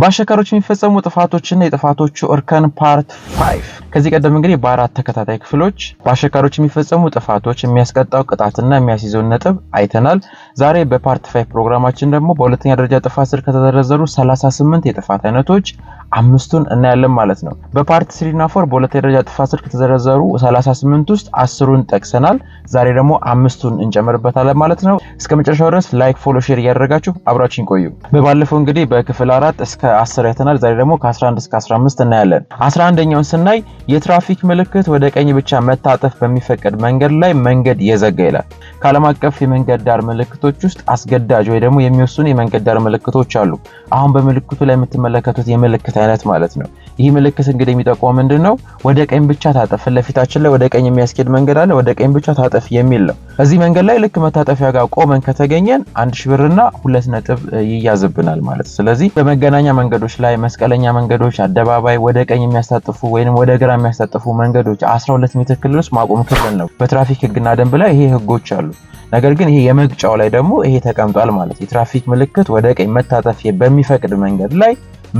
በአሽከርካሪዎች የሚፈጸሙ ጥፋቶችና የጥፋቶቹ እርከን ፓርት ፋይቭ። ከዚህ ቀደም እንግዲህ በአራት ተከታታይ ክፍሎች በአሽከርካሪዎች የሚፈጸሙ ጥፋቶች፣ የሚያስቀጣው ቅጣትና የሚያስይዘውን ነጥብ አይተናል። ዛሬ በፓርት ፋይቭ ፕሮግራማችን ደግሞ በሁለተኛ ደረጃ ጥፋት ስር ከተዘረዘሩ 38 የጥፋት አይነቶች አምስቱን እናያለን ማለት ነው። በፓርት ስሪና ፎር በሁለተኛ ደረጃ ጥፋት ስር ከተዘረዘሩ 38 ውስጥ አስሩን ጠቅሰናል። ዛሬ ደግሞ አምስቱን እንጨምርበታለን ማለት ነው። እስከ መጨረሻው ድረስ ላይክ፣ ፎሎ፣ ሼር እያደረጋችሁ አብራችን ቆዩ። በባለፈው እንግዲህ በክፍል አራት እስከ ከ10 አይተናል። ዛሬ ደግሞ ከ11 እስከ 15 እናያለን። 11ኛውን ስናይ የትራፊክ ምልክት ወደ ቀኝ ብቻ መታጠፍ በሚፈቀድ መንገድ ላይ መንገድ የዘጋ ይላል። ከዓለም አቀፍ የመንገድ ዳር ምልክቶች ውስጥ አስገዳጅ ወይ ደግሞ የሚወስኑ የመንገድ ዳር ምልክቶች አሉ። አሁን በምልክቱ ላይ የምትመለከቱት የምልክት አይነት ማለት ነው። ይህ ምልክት እንግዲህ የሚጠቁመው ምንድን ነው? ወደ ቀኝ ብቻ ታጠፍ፣ ፊትለፊታችን ላይ ወደ ቀኝ የሚያስኬድ መንገድ አለ፣ ወደ ቀኝ ብቻ ታጠፍ የሚል ነው። እዚህ መንገድ ላይ ልክ መታጠፊያ ጋር ቆመን ከተገኘን አንድ ሺህ ብርና ሁለት ነጥብ ይያዝብናል ማለት። ስለዚህ በመገናኛ መንገዶች ላይ፣ መስቀለኛ መንገዶች፣ አደባባይ፣ ወደ ቀኝ የሚያስታጥፉ ወይም ወደ ግራ የሚያስታጥፉ መንገዶች 12 ሜትር ክልል ውስጥ ማቆም ክልል ነው። በትራፊክ ህግና ደንብ ላይ ይሄ ህጎች አሉ። ነገር ግን ይሄ የመግጫው ላይ ደግሞ ይሄ ተቀምጧል ማለት የትራፊክ ምልክት ወደ ቀኝ መታጠፍ በሚፈቅድ መንገድ ላይ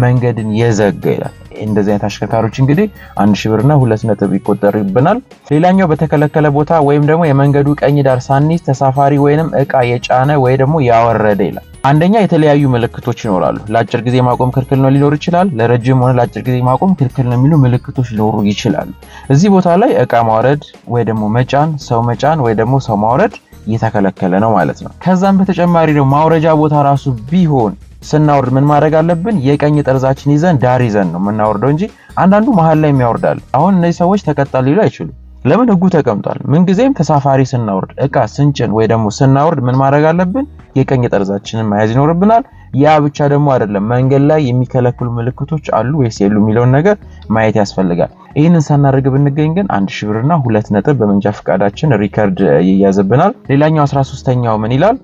መንገድን የዘጋ ይላል። እንደዚህ አይነት አሽከርካሪዎች እንግዲህ አንድ ሺህ ብርና ሁለት ነጥብ ይቆጠርብናል። ሌላኛው በተከለከለ ቦታ ወይም ደግሞ የመንገዱ ቀኝ ዳር ሳኒስ ተሳፋሪ ወይንም እቃ የጫነ ወይ ደግሞ ያወረደ ይላል። አንደኛ የተለያዩ ምልክቶች ይኖራሉ። ለአጭር ጊዜ ማቆም ክልክል ነው ሊኖር ይችላል። ለረጅም ሆነ ለአጭር ጊዜ ማቆም ክልክል ነው የሚሉ ምልክቶች ሊኖሩ ይችላሉ። እዚህ ቦታ ላይ እቃ ማውረድ ወይ ደግሞ መጫን፣ ሰው መጫን ወይ ደግሞ ሰው ማውረድ እየተከለከለ ነው ማለት ነው። ከዛም በተጨማሪ ደግሞ ማውረጃ ቦታ ራሱ ቢሆን ስናወርድ ምን ማድረግ አለብን? የቀኝ ጠርዛችን ይዘን ዳር ይዘን ነው የምናወርደው እንጂ አንዳንዱ መሀል ላይ የሚያወርዳል። አሁን እነዚህ ሰዎች ተቀጣል ሊሉ አይችሉም። ለምን? ህጉ ተቀምጧል። ምንጊዜም ተሳፋሪ ስናወርድ፣ እቃ ስንጭን ወይ ደግሞ ስናወርድ ምን ማድረግ አለብን? የቀኝ ጠርዛችንን መያዝ ይኖርብናል። ያ ብቻ ደግሞ አይደለም፣ መንገድ ላይ የሚከለክሉ ምልክቶች አሉ ወይስ የሉ የሚለውን ነገር ማየት ያስፈልጋል። ይህንን ሳናደርግ ብንገኝ ግን አንድ ሽብርና ብርና ሁለት ነጥብ በመንጃ ፈቃዳችን ሪከርድ ይያዝብናል። ሌላኛው አስራ ሶስተኛው ምን ይላል?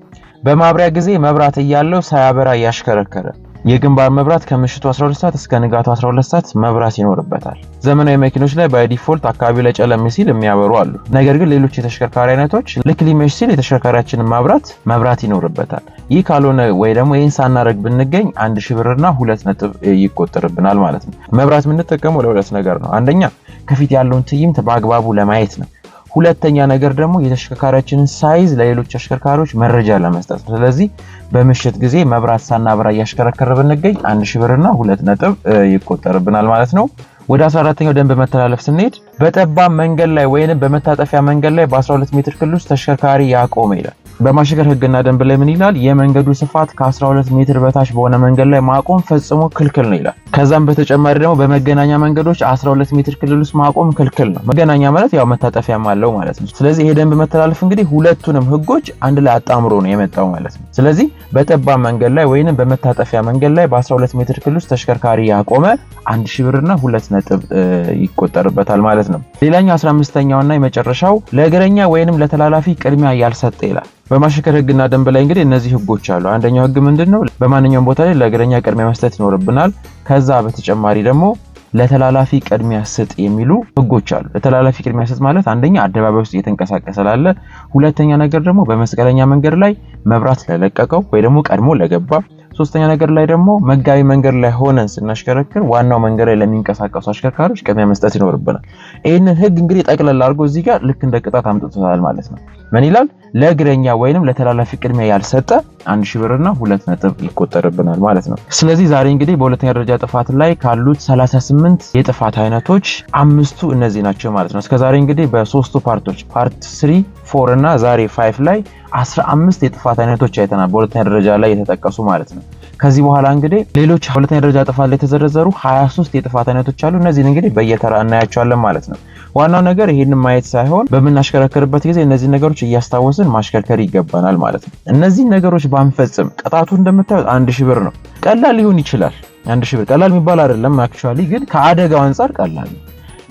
በማብሪያ ጊዜ መብራት እያለው ሳያበራ እያሽከረከረ የግንባር መብራት ከምሽቱ 12 ሰዓት እስከ ንጋቱ 12 ሰዓት መብራት ይኖርበታል። ዘመናዊ መኪኖች ላይ በዲፎልት አካባቢ ለጨለም ሲል የሚያበሩ አሉ። ነገር ግን ሌሎች የተሽከርካሪ አይነቶች ልክ ሊመሽ ሲል የተሽከርካሪያችንን ማብራት መብራት ይኖርበታል። ይህ ካልሆነ ወይ ደግሞ ይህን ሳናደርግ ብንገኝ አንድ ሺህ ብርና ሁለት ነጥብ ይቆጠርብናል ማለት ነው። መብራት የምንጠቀመው ለሁለት ነገር ነው። አንደኛ ከፊት ያለውን ትዕይንት በአግባቡ ለማየት ነው። ሁለተኛ ነገር ደግሞ የተሽከርካሪያችንን ሳይዝ ለሌሎች አሽከርካሪዎች መረጃ ለመስጠት ስለዚህ በምሽት ጊዜ መብራት ሳናበራ እያሽከረከረ ብንገኝ አንድ ሺ ብርና ሁለት ነጥብ ይቆጠርብናል ማለት ነው። ወደ 14ኛው ደንብ መተላለፍ ስንሄድ በጠባብ መንገድ ላይ ወይንም በመታጠፊያ መንገድ ላይ በ12 ሜትር ክልል ውስጥ ተሽከርካሪ ያቆመ ይላል። በማሽከር ህግና ደንብ ላይ ምን ይላል? የመንገዱ ስፋት ከ12 ሜትር በታች በሆነ መንገድ ላይ ማቆም ፈጽሞ ክልክል ነው ይላል። ከዛም በተጨማሪ ደግሞ በመገናኛ መንገዶች 12 ሜትር ክልል ውስጥ ማቆም ክልክል ነው። መገናኛ ማለት ያው መታጠፊያም አለው ማለት ነው። ስለዚህ ይሄ ደንብ መተላለፍ እንግዲህ ሁለቱንም ህጎች አንድ ላይ አጣምሮ ነው የመጣው ማለት ነው። ስለዚህ በጠባብ መንገድ ላይ ወይንም በመታጠፊያ መንገድ ላይ በ12 ሜትር ክልል ውስጥ ተሽከርካሪ ያቆመ አንድ ሺህ ብርና ሁለት ነጥብ ይቆጠርበታል ማለት ነው። ሌላኛው 15ኛውና የመጨረሻው ለእግረኛ ወይንም ለተላላፊ ቅድሚያ ያልሰጠ ይላል። በማሽከር ህግና ደንብ ላይ እንግዲህ እነዚህ ህጎች አሉ። አንደኛው ህግ ምንድን ነው? በማንኛውም ቦታ ላይ ለእግረኛ ቅድሚያ መስጠት ይኖርብናል። ከዛ በተጨማሪ ደግሞ ለተላላፊ ቅድሚያ ስጥ የሚሉ ህጎች አሉ። ለተላላፊ ቅድሚያ ስጥ ማለት አንደኛ አደባባይ ውስጥ እየተንቀሳቀሰ ላለ፣ ሁለተኛ ነገር ደግሞ በመስቀለኛ መንገድ ላይ መብራት ለለቀቀው ወይ ደግሞ ቀድሞ ለገባ ሶስተኛ ነገር ላይ ደግሞ መጋቢ መንገድ ላይ ሆነን ስናሽከረክር ዋናው መንገድ ላይ ለሚንቀሳቀሱ አሽከርካሪዎች ቅድሚያ መስጠት ይኖርብናል። ይህንን ህግ እንግዲህ ጠቅለል አድርጎ እዚህ ጋር ልክ እንደ ቅጣት አምጥቶታል ማለት ነው። ምን ይላል? ለእግረኛ ወይንም ለተላላፊ ቅድሚያ ያልሰጠ አንድ ሺህ ብርና ሁለት ነጥብ ይቆጠርብናል ማለት ነው። ስለዚህ ዛሬ እንግዲህ በሁለተኛ ደረጃ ጥፋት ላይ ካሉት 38 የጥፋት አይነቶች አምስቱ እነዚህ ናቸው ማለት ነው። እስከዛሬ እንግዲህ በሶስቱ ፓርቶች ፓርት 3 ፎር እና ዛሬ ፋይቭ ላይ 15 የጥፋት አይነቶች አይተናል። በሁለተኛ ደረጃ ላይ የተጠቀሱ ማለት ነው። ከዚህ በኋላ እንግዲህ ሌሎች ሁለተኛ ደረጃ ጥፋት ላይ የተዘረዘሩ 23 የጥፋት አይነቶች አሉ። እነዚህን እንግዲህ በየተራ እናያቸዋለን ማለት ነው። ዋናው ነገር ይህን ማየት ሳይሆን በምናሽከረከርበት ጊዜ እነዚህ ነገሮች እያስታወስን ማሽከርከር ይገባናል ማለት ነው። እነዚህ ነገሮች ባንፈጽም ቅጣቱ እንደምታዩት አንድ ሺህ ብር ነው። ቀላል ሊሆን ይችላል። አንድ ሺህ ብር ቀላል የሚባል አይደለም። አክቹዋሊ ግን ከአደጋው አንጻር ቀላል ነው።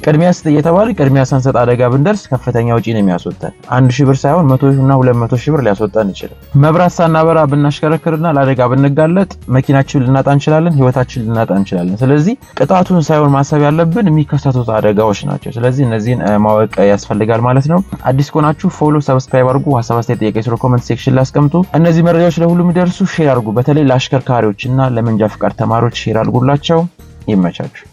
ቅድሚያ ስጥ እየተባለ ቅድሚያ ሳንሰጥ አደጋ ብንደርስ ከፍተኛ ውጪ ነው የሚያስወጣን። አንድ ሺህ ብር ሳይሆን መቶ እና ሁለት መቶ ሺህ ብር ሊያስወጣን ይችላል። መብራት ሳናበራ ብናሽከረክርና ለአደጋ ብንጋለጥ መኪናችን ልናጣ እንችላለን፣ ህይወታችን ልናጣ እንችላለን። ስለዚህ ቅጣቱን ሳይሆን ማሰብ ያለብን የሚከሰቱት አደጋዎች ናቸው። ስለዚህ እነዚህን ማወቅ ያስፈልጋል ማለት ነው። አዲስ ከሆናችሁ ፎሎ፣ ሰብስክራይብ አድርጉ። ሀሳብ አስተያየት፣ ጥያቄ ስለ ኮመንት ሴክሽን ላስቀምጡ። እነዚህ መረጃዎች ለሁሉም ይደርሱ ሼር አድርጉ። በተለይ ለአሽከርካሪዎች እና ለመንጃ ፍቃድ ተማሪዎች ሼር አድርጉላቸው። ይመቻችሁ።